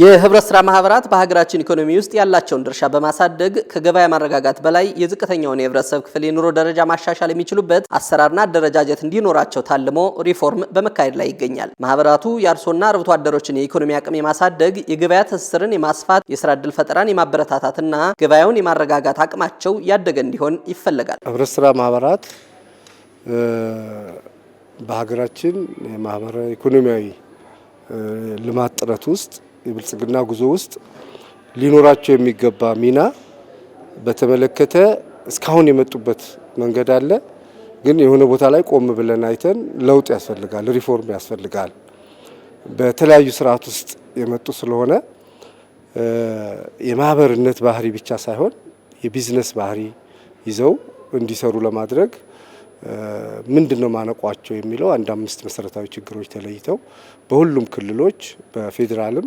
የህብረት ስራ ማህበራት በሀገራችን ኢኮኖሚ ውስጥ ያላቸውን ድርሻ በማሳደግ ከገበያ ማረጋጋት በላይ የዝቅተኛውን የህብረተሰብ ክፍል የኑሮ ደረጃ ማሻሻል የሚችሉበት አሰራርና አደረጃጀት እንዲኖራቸው ታልሞ ሪፎርም በመካሄድ ላይ ይገኛል። ማህበራቱ የአርሶና አርብቶ አደሮችን የኢኮኖሚ አቅም የማሳደግ የገበያ ትስስርን የማስፋት የስራ እድል ፈጠራን የማበረታታትና ገበያውን የማረጋጋት አቅማቸው ያደገ እንዲሆን ይፈለጋል። ህብረት ስራ ማህበራት በሀገራችን የማህበራዊ ኢኮኖሚያዊ ልማት ጥረት ውስጥ የብልጽግና ጉዞ ውስጥ ሊኖራቸው የሚገባ ሚና በተመለከተ እስካሁን የመጡበት መንገድ አለ። ግን የሆነ ቦታ ላይ ቆም ብለን አይተን ለውጥ ያስፈልጋል፣ ሪፎርም ያስፈልጋል። በተለያዩ ስርዓት ውስጥ የመጡ ስለሆነ የማህበርነት ባህሪ ብቻ ሳይሆን የቢዝነስ ባህሪ ይዘው እንዲሰሩ ለማድረግ ምንድን ነው ማነቋቸው የሚለው አንድ አምስት መሰረታዊ ችግሮች ተለይተው በሁሉም ክልሎች በፌዴራልም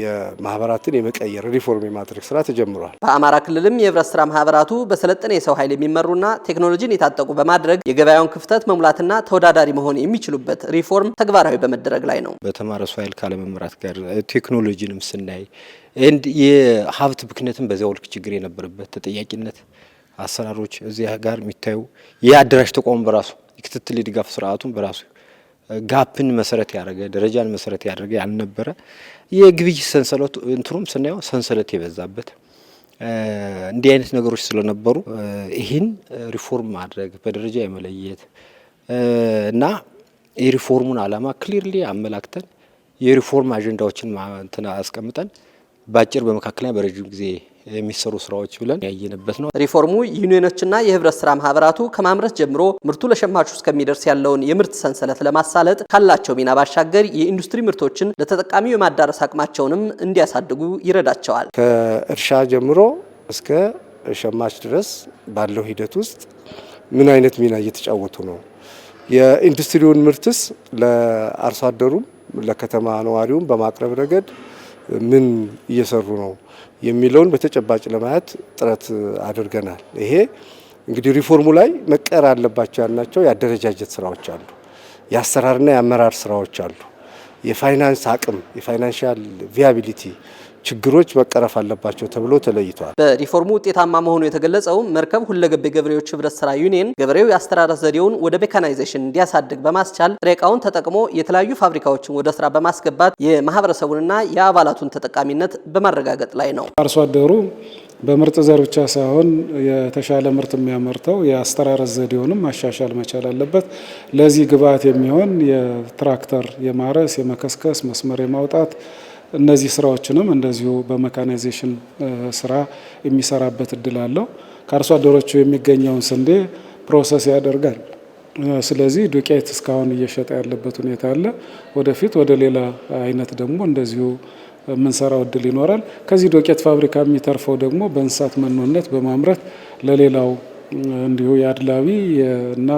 የማህበራትን የመቀየር ሪፎርም የማድረግ ስራ ተጀምሯል። በአማራ ክልልም የህብረት ስራ ማህበራቱ በሰለጠነ የሰው ኃይል የሚመሩና ቴክኖሎጂን የታጠቁ በማድረግ የገበያውን ክፍተት መሙላትና ተወዳዳሪ መሆን የሚችሉበት ሪፎርም ተግባራዊ በመደረግ ላይ ነው። በተማረ ሰው ኃይል ካለመምራት ጋር ቴክኖሎጂንም ስናይ ንድ የሀብት ብክነትን በዚያ ወልክ ችግር የነበረበት ተጠያቂነት አሰራሮች እዚያ ጋር የሚታዩ የአደራሽ ተቋሙ በራሱ የክትትል የድጋፍ ስርዓቱን በራሱ ጋፕን መሰረት ያደረገ ደረጃን መሰረት ያደረገ ያልነበረ የግብይት ሰንሰለቱ እንትሩም ስናየው ሰንሰለት የበዛበት እንዲህ አይነት ነገሮች ስለነበሩ ይህን ሪፎርም ማድረግ በደረጃ የመለየት እና የሪፎርሙን ዓላማ ክሊርሊ አመላክተን የሪፎርም አጀንዳዎችን እንትን አስቀምጠን በአጭር በመካከለኛ በረዥም ጊዜ የሚሰሩ ስራዎች ብለን ያየንበት ነው። ሪፎርሙ ዩኒዮኖችና የህብረት ስራ ማህበራቱ ከማምረት ጀምሮ ምርቱ ለሸማቹ እስከሚደርስ ያለውን የምርት ሰንሰለት ለማሳለጥ ካላቸው ሚና ባሻገር የኢንዱስትሪ ምርቶችን ለተጠቃሚው የማዳረስ አቅማቸውንም እንዲያሳድጉ ይረዳቸዋል። ከእርሻ ጀምሮ እስከ ሸማች ድረስ ባለው ሂደት ውስጥ ምን አይነት ሚና እየተጫወቱ ነው? የኢንዱስትሪውን ምርትስ ለአርሶ አደሩም ለከተማ ነዋሪውም በማቅረብ ረገድ ምን እየሰሩ ነው? የሚለውን በተጨባጭ ለማየት ጥረት አድርገናል። ይሄ እንግዲህ ሪፎርሙ ላይ መቀር አለባቸው ያልናቸው የአደረጃጀት ስራዎች አሉ፣ የአሰራርና የአመራር ስራዎች አሉ፣ የፋይናንስ አቅም የፋይናንሻል ቪያቢሊቲ ችግሮች መቀረፍ አለባቸው ተብሎ ተለይቷል። በሪፎርሙ ውጤታማ መሆኑ የተገለጸው መርከብ ሁለገብ የገበሬዎች ህብረት ስራ ዩኒየን ገበሬው የአስተራረስ ዘዴውን ወደ ሜካናይዜሽን እንዲያሳድግ በማስቻል ጥሬ ተጠቅሞ የተለያዩ ፋብሪካዎችን ወደ ስራ በማስገባት የማህበረሰቡንና የአባላቱን ተጠቃሚነት በማረጋገጥ ላይ ነው። አርሶ አደሩ በምርጥ ዘር ብቻ ሳይሆን የተሻለ ምርት የሚያመርተው የአስተራረስ ዘዴውንም ማሻሻል መቻል አለበት። ለዚህ ግብዓት የሚሆን የትራክተር የማረስ የመከስከስ መስመር የማውጣት እነዚህ ስራዎችንም እንደዚሁ በመካናይዜሽን ስራ የሚሰራበት እድል አለው። ከአርሶ አደሮቹ የሚገኘውን ስንዴ ፕሮሰስ ያደርጋል። ስለዚህ ዱቄት እስካሁን እየሸጠ ያለበት ሁኔታ አለ። ወደፊት ወደ ሌላ አይነት ደግሞ እንደዚሁ የምንሰራው እድል ይኖራል። ከዚህ ዱቄት ፋብሪካ የሚተርፈው ደግሞ በእንስሳት መኖነት በማምረት ለሌላው እንዲሁ የአድላቢ እና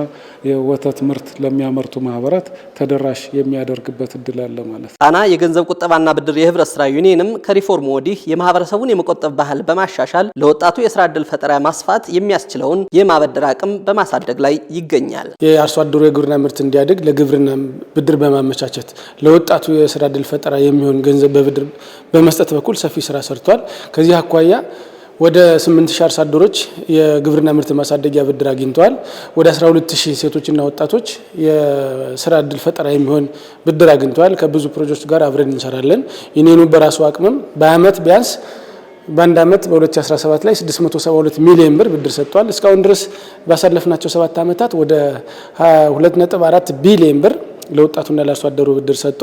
የወተት ምርት ለሚያመርቱ ማህበራት ተደራሽ የሚያደርግበት እድል አለ ማለት ነው። ጣና የገንዘብ ቁጠባና ብድር የህብረት ስራ ዩኒየንም ከሪፎርሙ ወዲህ የማህበረሰቡን የመቆጠብ ባህል በማሻሻል ለወጣቱ የስራ እድል ፈጠራ ማስፋት የሚያስችለውን የማበደር አቅም በማሳደግ ላይ ይገኛል። የአርሶ አደሩ የግብርና ምርት እንዲያድግ ለግብርና ብድር በማመቻቸት ለወጣቱ የስራ እድል ፈጠራ የሚሆን ገንዘብ በብድር በመስጠት በኩል ሰፊ ስራ ሰርቷል። ከዚህ አኳያ ወደ 8000 አርሶ አደሮች የግብርና ምርት ማሳደጊያ ብድር አግኝተዋል። ወደ 12000 ሴቶችና ወጣቶች የስራ እድል ፈጠራ የሚሆን ብድር አግኝተዋል። ከብዙ ፕሮጀክቶች ጋር አብረን እንሰራለን። ዩኒየኑ በራሱ አቅምም በአመት ቢያንስ በአንድ አመት በ2017 ላይ 672 ሚሊዮን ብር ብድር ሰጥቷል። እስካሁን ድረስ ባሳለፍናቸው ሰባት ዓመታት ወደ 2.4 ቢሊዮን ብር ለወጣቱና ለአርሶ አደሩ ብድር ሰጥቶ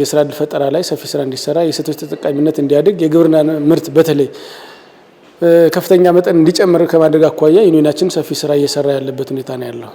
የስራ እድል ፈጠራ ላይ ሰፊ ስራ እንዲሰራ የሴቶች ተጠቃሚነት እንዲያድግ የግብርና ምርት በተለይ ከፍተኛ መጠን እንዲጨምር ከማድረግ አኳያ ዩኒናችን ሰፊ ስራ እየሰራ ያለበት ሁኔታ ነው ያለው።